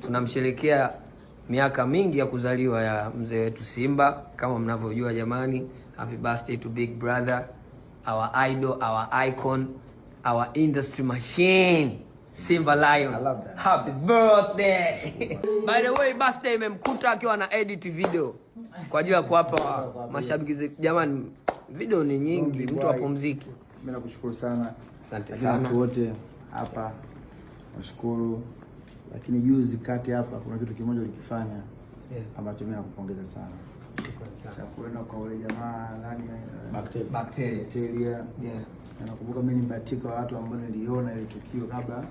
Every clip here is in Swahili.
Tunamsherekea miaka mingi ya kuzaliwa ya mzee wetu Simba kama mnavyojua jamani. Happy birthday to big brother, our idol, our icon, our industry machine. Simba Lion. I love that. Happy birthday. By the way, birthday imemkuta akiwa na edit video kwa ajili ya kuwapa mashabiki. Jamani, video ni nyingi, mtu apumzike. Mimi nakushukuru sana. Asante sana. Watu wote hapa nashukuru, lakini juzi kati hapa kuna kitu kimoja ulikifanya yeah, ambacho mimi nakupongeza sana cha kwenda kwa ule jamaa nani, bakteria na nakumbuka mimi ni mbatika wa watu ambao niliona ile tukio kabla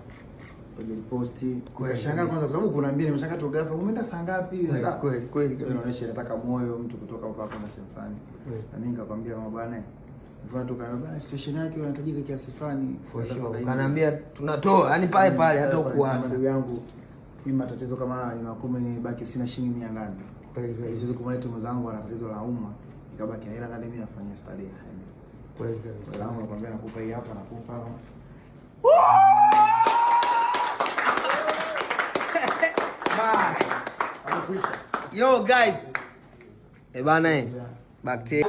hajaliposti. Kwa shangaa kwanza, kwa sababu kuna mbili nimeshangaa tu ghafla, umeenda saa ngapi? Kweli kweli kabisa, inaonyesha nataka moyo mtu kutoka mpaka kwenda sehemu fulani, na mimi nikakwambia kama bwana Mfano tukana bana situation yake unahitajika kiasi fulani. Kanaambia tunatoa, yani mm, pale pale hata kuanza. Ndugu yangu mimi matatizo kama haya ni makumi ni baki sina shilingi 800. Kwa hiyo siwezi kumleta mzangu ana tatizo la umma nikabaki hela nani, mimi nafanyia ya yani. Sasa kweli kweli, salamu nakwambia, nakupa hii hapa, nakupa hapa Yo guys. Eh, bana eh. Bakte.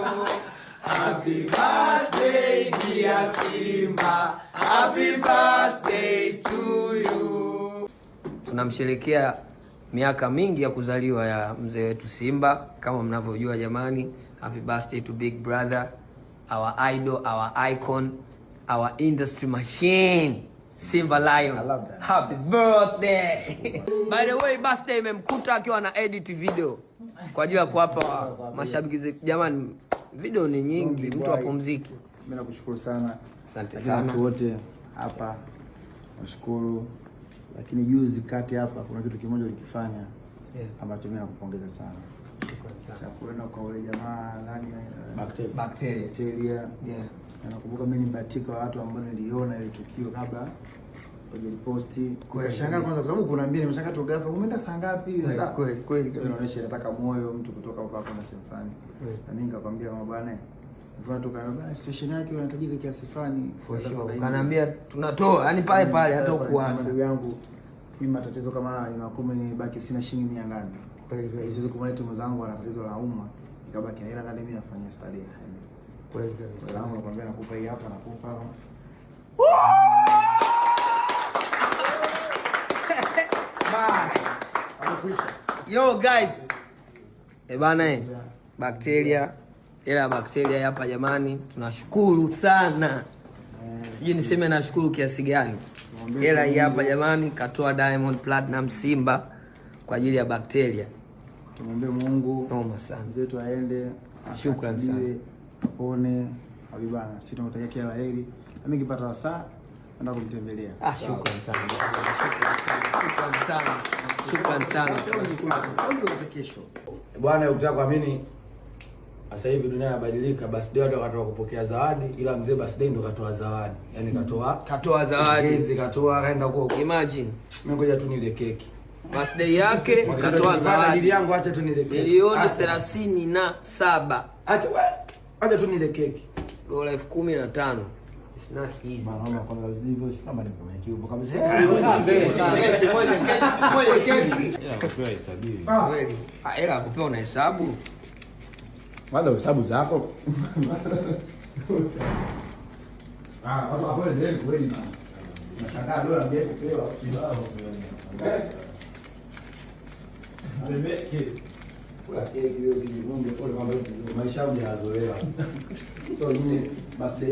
Happy birthday dear Simba. Happy birthday to you. Tunamsherekea miaka mingi ya kuzaliwa ya mzee wetu Simba kama mnavyojua jamani. Happy birthday to big brother, our idol, our icon, our industry machine Simba Lion. I love that. Happy birthday. By the way, birthday imemkuta akiwa na edit video kwa ajili ya kuwapa mashabiki Jamani, video ni nyingi, mtu apumzike. Mimi nakushukuru sana. Asante sana. Watu Wote hapa nashukuru lakini juzi kati hapa kuna kitu kimoja ulikifanya yeah, ambacho mimi nakupongeza sana cha kwenda kwa ule jamaa nani, eh, bakteria. Nakumbuka mimi nibatika watu ambao niliona ile tukio kabla hujaliposti, nikashangaa kwanza, kwa sababu kuna mbili, nimeshangaa tu ghafla, umeenda saa ngapi? Kweli kweli, inaonyesha inataka moyo mtu kutoka mpaka na sehemu fulani, na mimi nikakwambia kama bwana situation yake inahitajika kiasi fulani for sure. Kanaambia tunatoa yani pale pale, mm, hata ukuanza ndugu yangu, mimi matatizo kama haya ni makumi, ni baki sina shilingi 800 kweli kweli, siwezi kumleta mwenzangu ana tatizo la umma ikabaki na hela ndani, mimi nafanya study kweli kweli, salamu nakwambia, nakupa hii hapa, nakupa hapa Yo guys, ebana, eh, eh. bakteria hela bakteria hapa jamani, tunashukuru sana. Eh, Sijui niseme nashukuru kiasi gani. Hela hii hapa jamani, katoa Diamond Platinum Simba kwa ajili ya bakteria. Tumwombe Mungu noma sana mzetu aende, shukrani sana, apone habibana. Sisi tunakutakia kila la heri, nami nikipata wasaa naenda kumtembelea. Ah, shukrani sana, shukrani sana, shukrani sana. Bwana, ukitaka kuamini sasa hivi dunia inabadilika, birthday watu wakatoa kupokea zawadi, ila mzee birthday ndo katoa zawadi. yani katoa katoa zawadi hizi katoa kaenda huko. Imagine. Mimi ngoja tu nile keki. Birthday yake katoa zawadi. Dili yangu acha tu nile keki. Milioni thelathini na saba. Acha we. Acha tu nile keki. Dola elfu kumi na tano. Hela kupewa unahesabu Mwanzo hesabu zako. Ah, watu hapo So nini basi